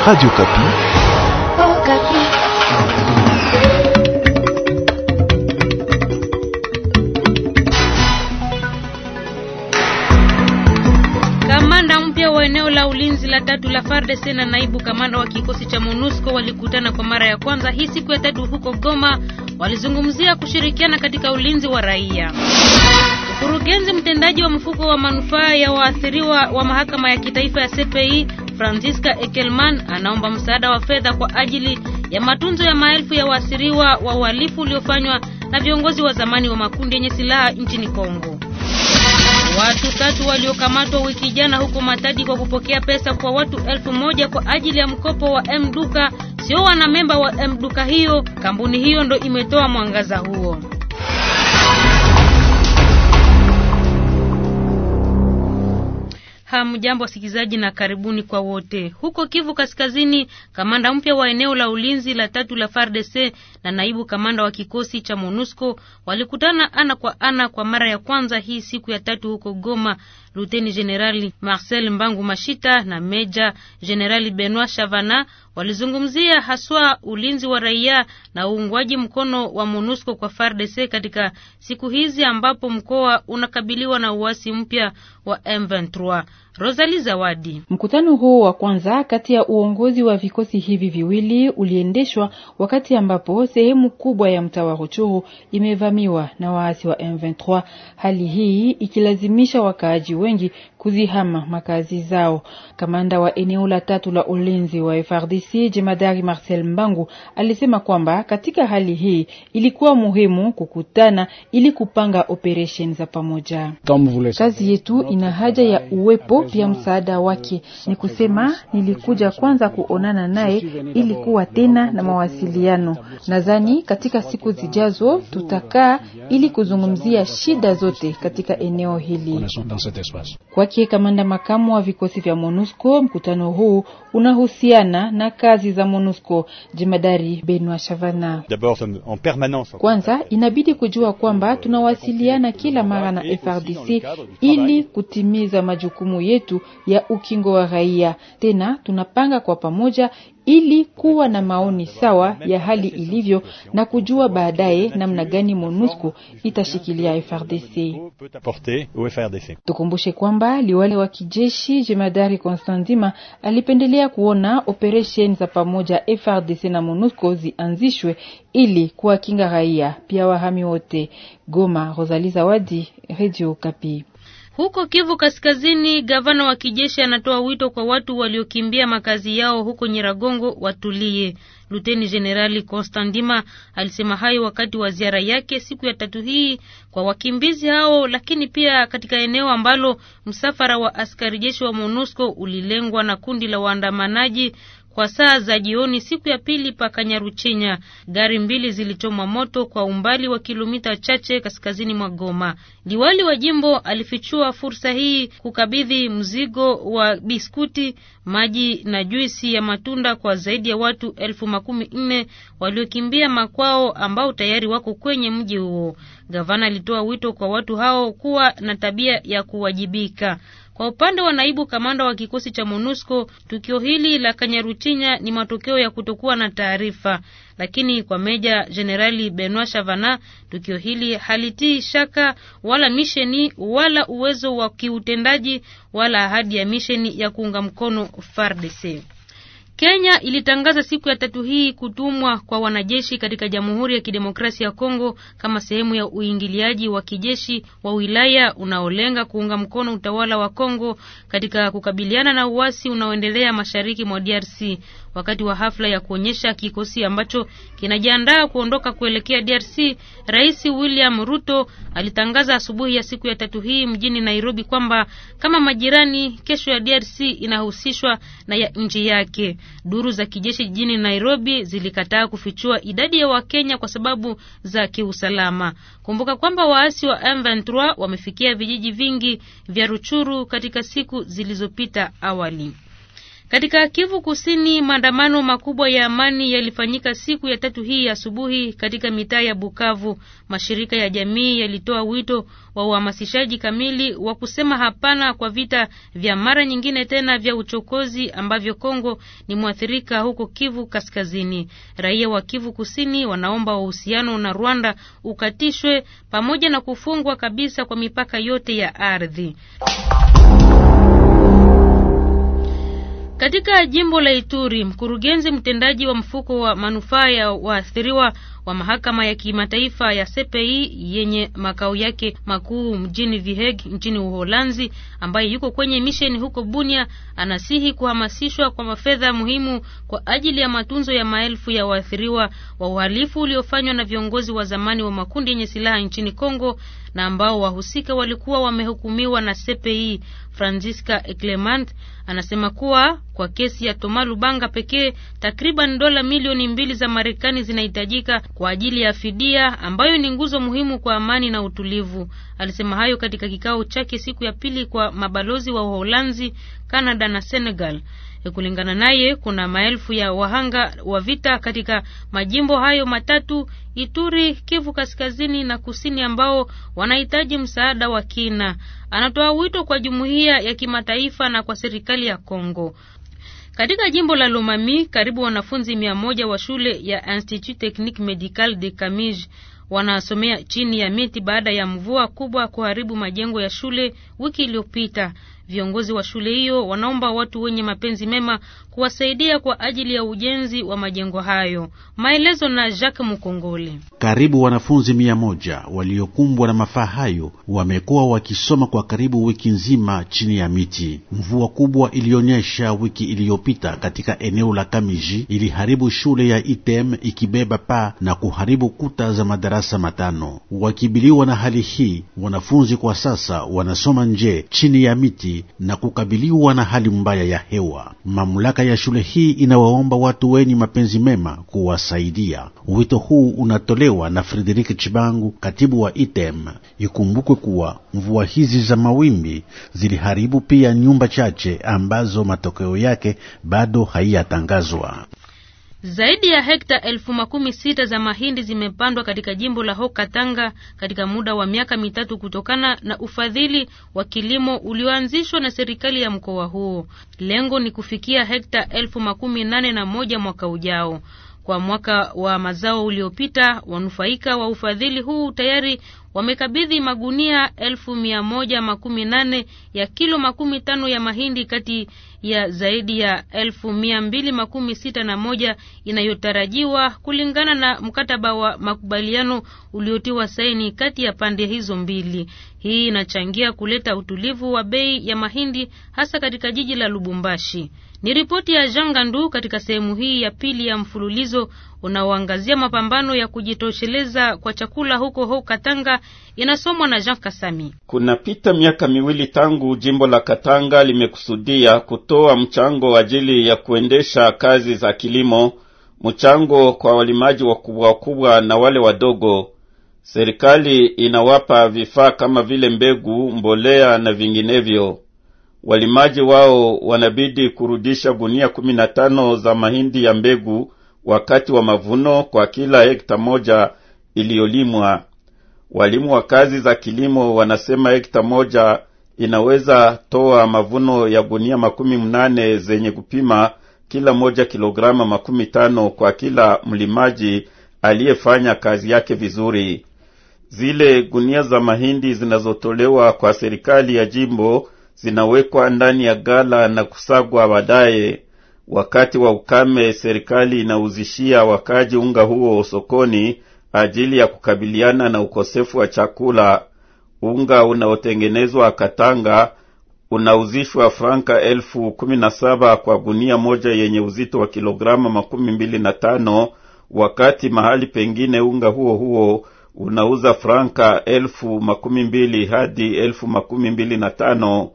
Radio Kapi. Oh, Kapi. Kamanda mpya wa eneo la ulinzi la tatu la FARDC na naibu kamanda wa kikosi cha MONUSCO walikutana kwa mara ya kwanza hii siku ya tatu huko Goma. Walizungumzia kushirikiana katika ulinzi wa raia. Mkurugenzi mtendaji wa mfuko wa manufaa ya waathiriwa wa mahakama ya kitaifa ya CPI Francisca Ekelman anaomba msaada wa fedha kwa ajili ya matunzo ya maelfu ya waasiriwa wa uhalifu uliofanywa na viongozi wa zamani wa makundi yenye silaha nchini Kongo. Watu tatu waliokamatwa wiki jana huko Matadi kwa kupokea pesa kwa watu elfu moja kwa ajili ya mkopo wa Mduka sio wanamemba wa Mduka hiyo. Kampuni hiyo ndo imetoa mwangaza huo. Hamjambo wasikilizaji na karibuni kwa wote. Huko Kivu Kaskazini, kamanda mpya wa eneo la ulinzi la tatu la FARDC na naibu kamanda wa kikosi cha MONUSCO walikutana ana kwa ana kwa mara ya kwanza hii siku ya tatu huko Goma. Luteni Jenerali Marcel Mbangu Mashita na Meja Jenerali Benoit Chavana walizungumzia haswa ulinzi wa raia na uungwaji mkono wa MONUSCO kwa FARDC katika siku hizi ambapo mkoa unakabiliwa na uasi mpya wa M23 rosali Zawadi. Mkutano huo wa kwanza kati ya uongozi wa vikosi hivi viwili uliendeshwa wakati ambapo sehemu kubwa ya mtaa wa Ruchuru imevamiwa na waasi wa M23, hali hii ikilazimisha wakaaji wengi kuzihama makazi zao. Kamanda wa eneo la tatu la ulinzi wa frdc jemadari Marcel Mbangu alisema kwamba katika hali hii ilikuwa muhimu kukutana ili kupanga operesheni za pamoja. Kazi yetu ina haja ya uwepo pia msaada wake. Ni kusema nilikuja kwanza kuonana naye ili kuwa tena na mawasiliano. Nadhani katika siku zijazo tutakaa ili kuzungumzia shida zote katika eneo hili kwa kwake kamanda makamu wa vikosi vya MONUSCO, mkutano huu unahusiana na kazi za MONUSCO. Jemadari Benwa Shavana: kwanza inabidi kujua kwamba tunawasiliana kila mara na FRDC ili kutimiza majukumu yetu ya ukingo wa raia. Tena tunapanga kwa pamoja ili kuwa na maoni sawa ya hali ilivyo na kujua baadaye namna gani MONUSCO itashikilia FRDC. Tukumbushe kwamba liwale wa kijeshi Jemadari Konstantima alipendelea wanapendelea kuona operesheni za pamoja FRDC na MONUSCO zianzishwe ili kuwakinga raia pia wahami wote. Goma, Rosalie Zawadi, Radio Kapi. Huko Kivu Kaskazini, gavana wa kijeshi anatoa wito kwa watu waliokimbia makazi yao huko Nyiragongo watulie. Luteni Jenerali Konstantima alisema hayo wakati wa ziara yake siku ya tatu hii kwa wakimbizi hao, lakini pia katika eneo ambalo msafara wa askari jeshi wa MONUSCO ulilengwa na kundi la waandamanaji kwa saa za jioni siku ya pili pa Kanyaruchinya, gari mbili zilichomwa moto kwa umbali wa kilomita chache kaskazini mwa Goma. Liwali wa jimbo alifichua fursa hii kukabidhi mzigo wa biskuti, maji na juisi ya matunda kwa zaidi ya watu elfu makumi nne waliokimbia makwao ambao tayari wako kwenye mji huo. Gavana alitoa wito kwa watu hao kuwa na tabia ya kuwajibika. Kwa upande wa naibu kamanda wa kikosi cha MONUSCO, tukio hili la Kanyarutinya ni matokeo ya kutokuwa na taarifa, lakini kwa meja jenerali Benoit Chavana, tukio hili halitii shaka wala misheni wala uwezo wa kiutendaji wala ahadi ya misheni ya kuunga mkono FARDC. Kenya ilitangaza siku ya tatu hii kutumwa kwa wanajeshi katika Jamhuri ya Kidemokrasia ya Kongo kama sehemu ya uingiliaji wa kijeshi wa wilaya unaolenga kuunga mkono utawala wa Kongo katika kukabiliana na uasi unaoendelea mashariki mwa DRC. Wakati wa hafla ya kuonyesha kikosi ambacho kinajiandaa kuondoka kuelekea DRC, Rais William Ruto alitangaza asubuhi ya siku ya tatu hii mjini Nairobi kwamba kama majirani, kesho ya DRC inahusishwa na ya nchi yake. Duru za kijeshi jijini Nairobi zilikataa kufichua idadi ya Wakenya kwa sababu za kiusalama. Kumbuka kwamba waasi wa M23 wamefikia vijiji vingi vya Ruchuru katika siku zilizopita awali. Katika Kivu Kusini, maandamano makubwa ya amani yalifanyika siku ya tatu hii asubuhi katika mitaa ya Bukavu. Mashirika ya jamii yalitoa wito wa uhamasishaji kamili wa kusema hapana kwa vita vya mara nyingine tena vya uchokozi ambavyo Kongo ni mwathirika huko Kivu Kaskazini. Raia wa Kivu Kusini wanaomba uhusiano na Rwanda ukatishwe pamoja na kufungwa kabisa kwa mipaka yote ya ardhi. Katika jimbo la Ituri, mkurugenzi mtendaji wa mfuko wa manufaa ya waathiriwa wa mahakama ya kimataifa ya CPI yenye makao yake makuu mjini viheg nchini Uholanzi, ambaye yuko kwenye misheni huko Bunia, anasihi kuhamasishwa kwa mafedha muhimu kwa ajili ya matunzo ya maelfu ya waathiriwa wa uhalifu uliofanywa na viongozi wa zamani wa makundi yenye silaha nchini Kongo na ambao wahusika walikuwa wamehukumiwa na CPI. Francisca Eclemant anasema kuwa kwa kesi ya Toma Lubanga pekee takriban dola milioni mbili za Marekani zinahitajika kwa ajili ya fidia ambayo ni nguzo muhimu kwa amani na utulivu. Alisema hayo katika kikao chake siku ya pili kwa mabalozi wa Uholanzi, Kanada na Senegal. E, kulingana naye, kuna maelfu ya wahanga wa vita katika majimbo hayo matatu, Ituri, Kivu Kaskazini na Kusini, ambao wanahitaji msaada wa kina. Anatoa wito kwa jumuiya ya kimataifa na kwa serikali ya Kongo. Katika jimbo la Lomami karibu wanafunzi mia moja wa shule ya Institut Technique Medical de Camige wanasomea chini ya miti baada ya mvua kubwa kuharibu majengo ya shule wiki iliyopita. Viongozi wa shule hiyo wanaomba watu wenye mapenzi mema kuwasaidia kwa ajili ya ujenzi wa majengo hayo. Maelezo na Jacques Mukongole. Karibu wanafunzi mia moja waliokumbwa na mafaa hayo wamekuwa wakisoma kwa karibu wiki nzima chini ya miti. Mvua kubwa ilionyesha wiki iliyopita katika eneo la Kamiji iliharibu shule ya Item ikibeba paa na kuharibu kuta za madarasa matano. Wakibiliwa na hali hii, wanafunzi kwa sasa wanasoma nje chini ya miti na kukabiliwa na hali mbaya ya hewa. Mamlaka ya shule hii inawaomba watu wenye mapenzi mema kuwasaidia. Wito huu unatolewa na Frederik Chibangu, katibu wa ITEM. Ikumbukwe kuwa mvua hizi za mawimbi ziliharibu pia nyumba chache ambazo matokeo yake bado haiyatangazwa. Zaidi ya hekta elfu makumi sita za mahindi zimepandwa katika jimbo la Haut Katanga katika muda wa miaka mitatu kutokana na ufadhili wa kilimo ulioanzishwa na serikali ya mkoa huo. Lengo ni kufikia hekta elfu makumi nane na moja mwaka ujao. Kwa mwaka wa mazao uliopita, wanufaika wa ufadhili huu tayari wamekabidhi magunia elfu mia moja makumi nane ya kilo makumi tano ya mahindi kati ya zaidi ya elfu mia mbili makumi sita na moja inayotarajiwa kulingana na mkataba wa makubaliano uliotiwa saini kati ya pande hizo mbili. Hii inachangia kuleta utulivu wa bei ya mahindi hasa katika jiji la Lubumbashi. Ni ripoti ya Jean Gandu katika sehemu hii ya pili ya mfululizo unaoangazia mapambano ya kujitosheleza kwa chakula huko huko Katanga, inasomwa na Jean Kasami. Kunapita miaka miwili tangu jimbo la Katanga limekusudia kutu kutoa mchango ajili ya kuendesha kazi za kilimo, mchango kwa walimaji wakubwa wakubwa na wale wadogo. Serikali inawapa vifaa kama vile mbegu, mbolea na vinginevyo. Walimaji wao wanabidi kurudisha gunia 15 za mahindi ya mbegu wakati wa mavuno kwa kila hekta moja iliyolimwa. Walimu wa kazi za kilimo wanasema hekta moja inaweza toa mavuno ya gunia makumi mnane zenye kupima kila moja kilograma makumi tano kwa kila mlimaji aliyefanya kazi yake vizuri. Zile gunia za mahindi zinazotolewa kwa serikali ya jimbo zinawekwa ndani ya gala na kusagwa baadaye. Wakati wa ukame, serikali inauzishia wakaji unga huo sokoni ajili ya kukabiliana na ukosefu wa chakula unga unaotengenezwa Katanga unauzishwa franka elfu kumi na saba kwa gunia moja yenye uzito wa kilograma makumi mbili na tano wakati mahali pengine unga huo huo unauza franka elfu makumi mbili hadi elfu makumi mbili na tano.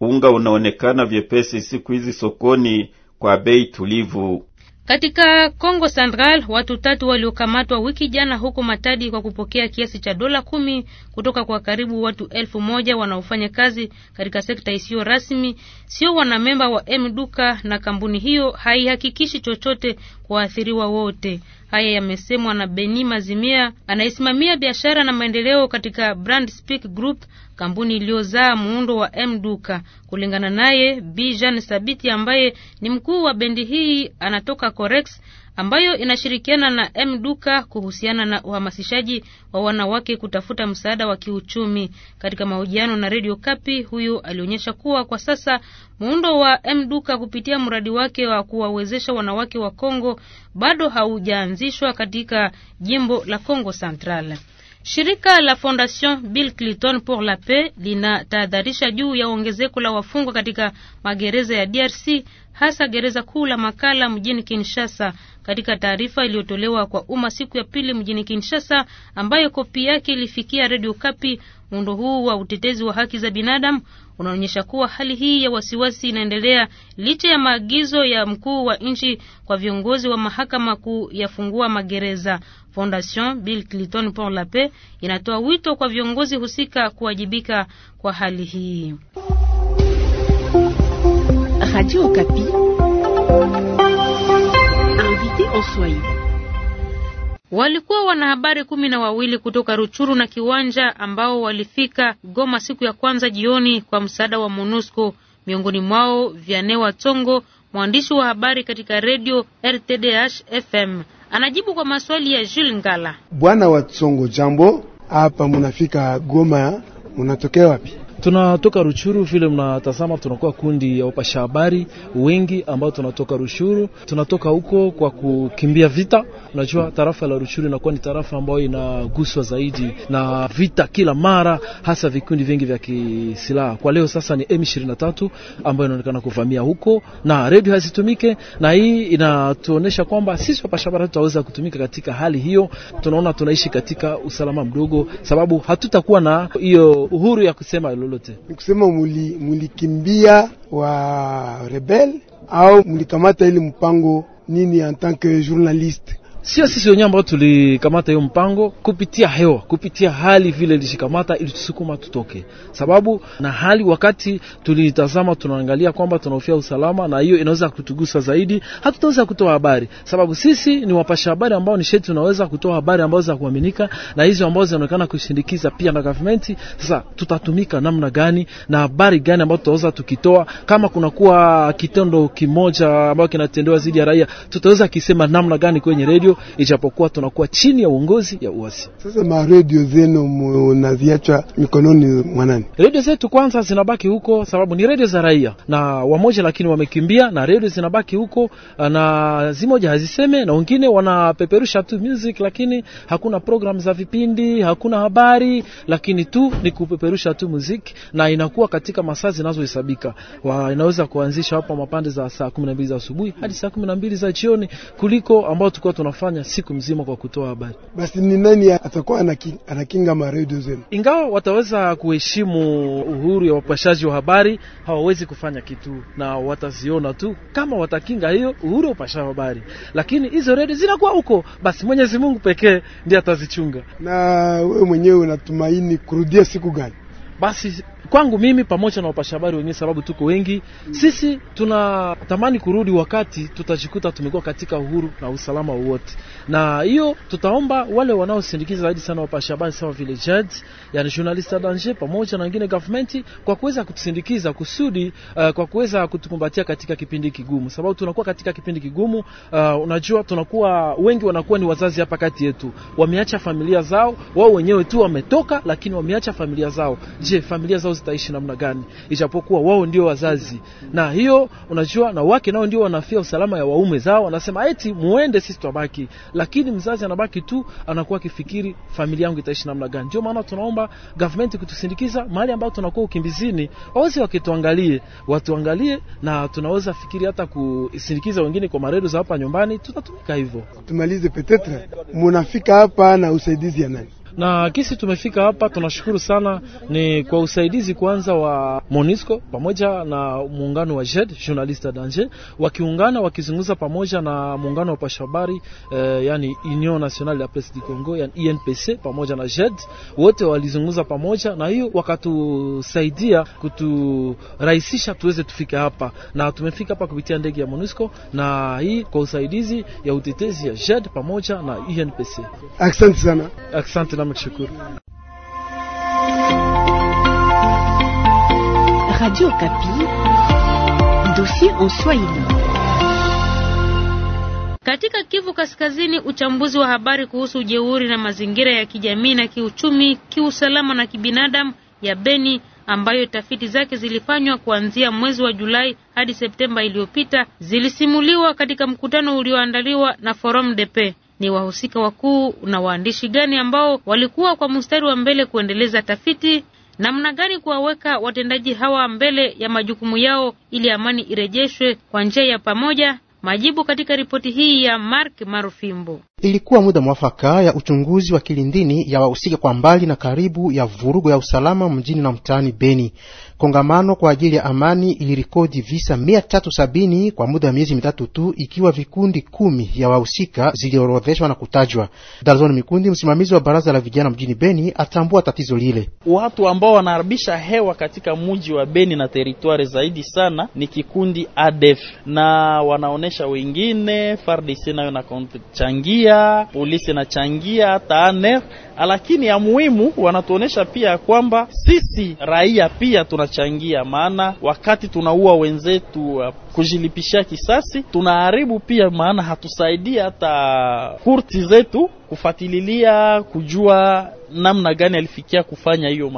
Unga unaonekana vyepesi siku hizi sokoni kwa bei tulivu. Katika Kongo Central watu tatu waliokamatwa wiki jana huko Matadi kwa kupokea kiasi cha dola kumi kutoka kwa karibu watu elfu moja wanaofanya kazi katika sekta isiyo rasmi, sio wanamemba wa M Duka, na kampuni hiyo haihakikishi chochote waathiriwa wote. Haya yamesemwa na Beni Mazimia anayesimamia biashara na maendeleo katika Brand Speak Group, kampuni iliyozaa muundo wa Mduka. Kulingana naye, Bi Jean Sabiti ambaye ni mkuu wa bendi hii anatoka Corex ambayo inashirikiana na Mduka kuhusiana na uhamasishaji wa wanawake kutafuta msaada wa kiuchumi. Katika mahojiano na Radio Kapi, huyu alionyesha kuwa kwa sasa muundo wa Mduka kupitia mradi wake wa kuwawezesha wanawake wa Kongo bado haujaanzishwa katika jimbo la Kongo Central. Shirika la Fondation Bill Clinton pour la Paix linatahadharisha juu ya ongezeko la wafungwa katika magereza ya DRC hasa gereza kuu la Makala mjini Kinshasa. Katika taarifa iliyotolewa kwa umma siku ya pili mjini Kinshasa, ambayo kopi yake ilifikia Radio Kapi, muundo huu wa utetezi wa haki za binadamu unaonyesha kuwa hali hii ya wasiwasi inaendelea licha ya maagizo ya mkuu wa nchi kwa viongozi wa mahakama kuyafungua magereza. Fondation Bill Clinton pour la Paix inatoa wito kwa viongozi husika kuwajibika kwa hali hii. Radio Okapi. Invité en Walikuwa wanahabari kumi na wawili kutoka Ruchuru na Kiwanja ambao walifika Goma siku ya kwanza jioni kwa msaada wa MONUSCO. Miongoni mwao Vianewa Tongo, mwandishi wa habari katika redio RTDH FM, anajibu kwa maswali ya Jules Ngala. Bwana wa jambo. Hapa munafika Goma, munatokea wapi? Tunatoka Ruchuru vile mnatazama, tunakuwa kundi ya wapasha habari wengi ambao tunatoka Ruchuru. Tunatoka huko kwa kukimbia vita. Unajua, tarafa la Ruchuru inakuwa ni tarafa ambayo inaguswa zaidi na vita kila mara, hasa vikundi vingi vya kisilaha. Kwa leo sasa ni M23 ambayo inaonekana kuvamia huko, na redio hazitumike, na hii inatuonesha kwamba sisi wapasha habari tutaweza kutumika katika hali hiyo. Tunaona tunaishi katika usalama mdogo, sababu hatutakuwa na hiyo uhuru ya kusema lolote? Ni kusema mulikimbia wa rebel au mulikamata ile mpango nini en tant que journaliste? Sio sisi wenyewe ambao tulikamata hiyo mpango, kupitia hewa, kupitia hali vile ilishikamata, ilitusukuma tutoke, sababu na hali wakati tulitazama, tunaangalia kwamba tunahofia usalama, na hiyo inaweza kutugusa zaidi. Hatutaweza kutoa habari, sababu sisi ni wapasha habari ambao ni shetu, tunaweza kutoa habari ambazo za kuaminika na hizo ambazo zinaonekana kushindikiza pia na government. Sasa tutatumika namna gani na habari gani ambazo tutaweza tukitoa? Kama kunakuwa kitendo kimoja ambacho kinatendewa zidi ya raia, tutaweza kisema namna gani kwenye redio? redio, ijapokuwa tunakuwa chini ya uongozi ya uasi. Sasa ma redio zenu munaziacha mikononi mwanani? Redio zetu kwanza zinabaki huko, sababu ni redio za raia na wamoja, lakini wamekimbia, na redio zinabaki huko, na zimoja haziseme na wengine wanapeperusha tu music, lakini hakuna program za vipindi, hakuna habari, lakini tu ni kupeperusha tu music na inakuwa katika masaa zinazohesabika. Inaweza kuanzisha hapo mapande za saa 12 za asubuhi hadi saa 12 za jioni kuliko ambao tulikuwa tuna wanafanya siku mzima kwa kutoa habari. Basi ni nani atakuwa anakinga, maredio zenu? Ingawa wataweza kuheshimu uhuru ya upashaji wa habari, hawawezi kufanya kitu na wataziona tu kama watakinga hiyo uhuru ya upashaji wa habari, lakini hizo redio zinakuwa huko, basi Mwenyezi Mungu pekee ndiye atazichunga. Na wewe mwenyewe unatumaini kurudia siku gani? Basi kwangu mimi pamoja na wapasha habari wengine, sababu tuko wengi mm. sisi, tunatamani kurudi wakati tutajikuta tumekuwa katika uhuru na usalama wote, na hiyo tutaomba wale wanaosindikiza zaidi sana wapasha habari sawa vile judge, yani journalist danger, pamoja na wengine government, kwa kuweza kutusindikiza kusudi, uh, kwa kuweza kutukumbatia katika kipindi kigumu, sababu tunakuwa katika kipindi kigumu. Uh, unajua tunakuwa wengi wanakuwa ni wazazi hapa kati yetu, wameacha familia zao wao wenyewe tu wametoka, lakini wameacha familia zao. Je, familia zao zitaishi namna gani, ijapokuwa wao ndio wazazi. Na hiyo unajua, na wake nao ndio wanafia usalama ya waume zao, wanasema eti muende, sisi tubaki, lakini mzazi anabaki tu, anakuwa akifikiri familia yangu itaishi namna gani. Ndio maana tunaomba government kutusindikiza mahali ambapo tunakuwa ukimbizini, waweze wakituangalie, watuangalie, na tunaweza fikiri hata kusindikiza wengine kwa maredo za hapa nyumbani, tutatumika hivyo. Tumalize petetre munafika hapa na usaidizi ya nani? na kisi tumefika hapa, tunashukuru sana ni kwa usaidizi kwanza wa Monisco pamoja na muungano wa JED journalist Danger, wakiungana wakizunguza pamoja na muungano wa pashabari eh, yani Union Nationale de la Presse du Congo yani INPC pamoja na JED wote walizunguza pamoja, na hiyo wakatusaidia kuturahisisha tuweze tufike hapa, na tumefika hapa kupitia ndege ya Monisco na hii kwa usaidizi ya utetezi ya JED pamoja na INPC. Asante sana. Asante na mshukuru. Radio Okapi, dossier en Swahili. Katika Kivu Kaskazini, uchambuzi wa habari kuhusu ujeuri na mazingira ya kijamii na kiuchumi, kiusalama na kibinadamu ya Beni ambayo tafiti zake zilifanywa kuanzia mwezi wa Julai hadi Septemba iliyopita zilisimuliwa katika mkutano ulioandaliwa na Forum de Paix ni wahusika wakuu na waandishi gani ambao walikuwa kwa mstari wa mbele kuendeleza tafiti, namna gani kuwaweka watendaji hawa mbele ya majukumu yao ili amani irejeshwe kwa njia ya pamoja. Majibu katika ripoti hii ya Mark Marufimbo. Ilikuwa muda mwafaka ya uchunguzi wa kilindini ya wahusika kwa mbali na karibu ya vurugo ya usalama mjini na mtaani Beni kongamano kwa ajili ya amani ilirikodi visa 370 kwa muda wa miezi mitatu tu, ikiwa vikundi kumi ya wahusika ziliorodheshwa na kutajwa. Darzoni Mikundi, msimamizi wa baraza la vijana mjini Beni, atambua tatizo lile. Watu ambao wanaharibisha hewa katika mji wa Beni na teritwari zaidi sana ni kikundi ADF na wanaonyesha wengine, FARDC nayo nachangia, polisi nachangia hata ANR Ah, lakini ya muhimu wanatuonesha pia ya kwamba sisi raia pia tunachangia, maana wakati tunaua wenzetu uh, kujilipishia kisasi tunaharibu pia, maana hatusaidii hata kurti zetu kufatililia kujua namna gani alifikia kufanya hiyo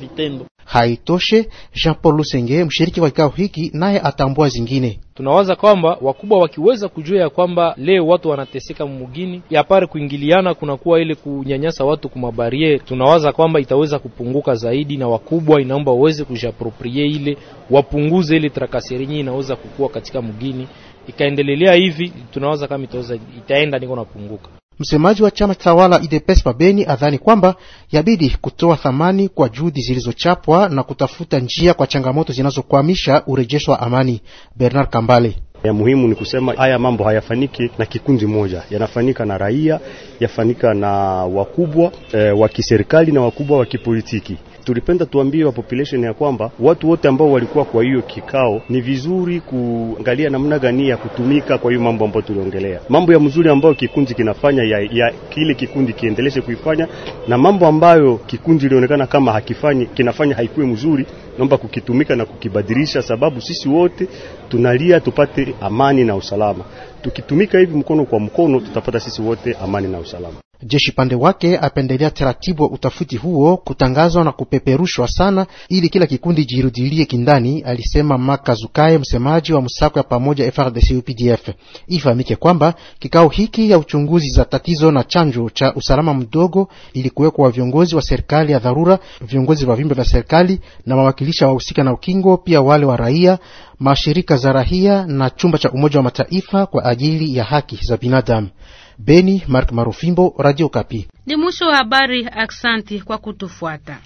vitendo. Haitoshe, Jean Paul Lusenge, mshiriki wa kikao hiki, naye atambua zingine. Tunawaza kwamba wakubwa wakiweza kujua ya kwamba leo watu wanateseka mugini, pare kuingiliana kunakuwa ile kunyanyasa watu kumabariere, tunawaza kwamba itaweza kupunguka zaidi, na wakubwa inaomba waweze kujiaproprie ile, wapunguze ile trakaserinyi inaweza kukua katika mugini ikaendelelea hivi, tunawaza kama itaweza itaenda niko napunguka Msemaji wa chama tawala UDPS pabeni adhani kwamba yabidi kutoa thamani kwa juhudi zilizochapwa na kutafuta njia kwa changamoto zinazokwamisha urejesho wa amani. Bernard Kambale ya muhimu ni kusema haya mambo hayafaniki na kikundi moja, yanafanika na raia, yafanika na wakubwa e, wa kiserikali na wakubwa wa kipolitiki tulipenda tuambie wa population ya kwamba watu wote ambao walikuwa kwa hiyo kikao, ni vizuri kuangalia namna gani ya kutumika kwa hiyo mambo ambayo tuliongelea, mambo ya mzuri ambayo kikundi kinafanya ya, ya kile kikundi kiendeleshe kuifanya, na mambo ambayo kikundi ilionekana kama hakifanyi kinafanya haikuwe mzuri, naomba kukitumika na kukibadilisha, sababu sisi wote tunalia tupate amani na usalama. Tukitumika hivi mkono kwa mkono, tutapata sisi wote amani na usalama. Jeshi pande wake apendelea taratibu wa utafiti huo kutangazwa na kupeperushwa sana, ili kila kikundi jirudilie kindani, alisema makazukae msemaji wa msako ya pamoja FRDC UPDF. Ifahamike kwamba kikao hiki ya uchunguzi za tatizo na chanjo cha usalama mdogo ilikuwekwa viongozi wa serikali ya dharura, viongozi wa vyombo vya serikali na mawakilisha wahusika na ukingo, pia wale wa raia, mashirika za raia na chumba cha Umoja wa Mataifa kwa ajili ya haki za binadamu. Beni, Mark Marufimbo, Radio Kapi. Ni mwisho wa habari. Aksanti kwa kutufuata.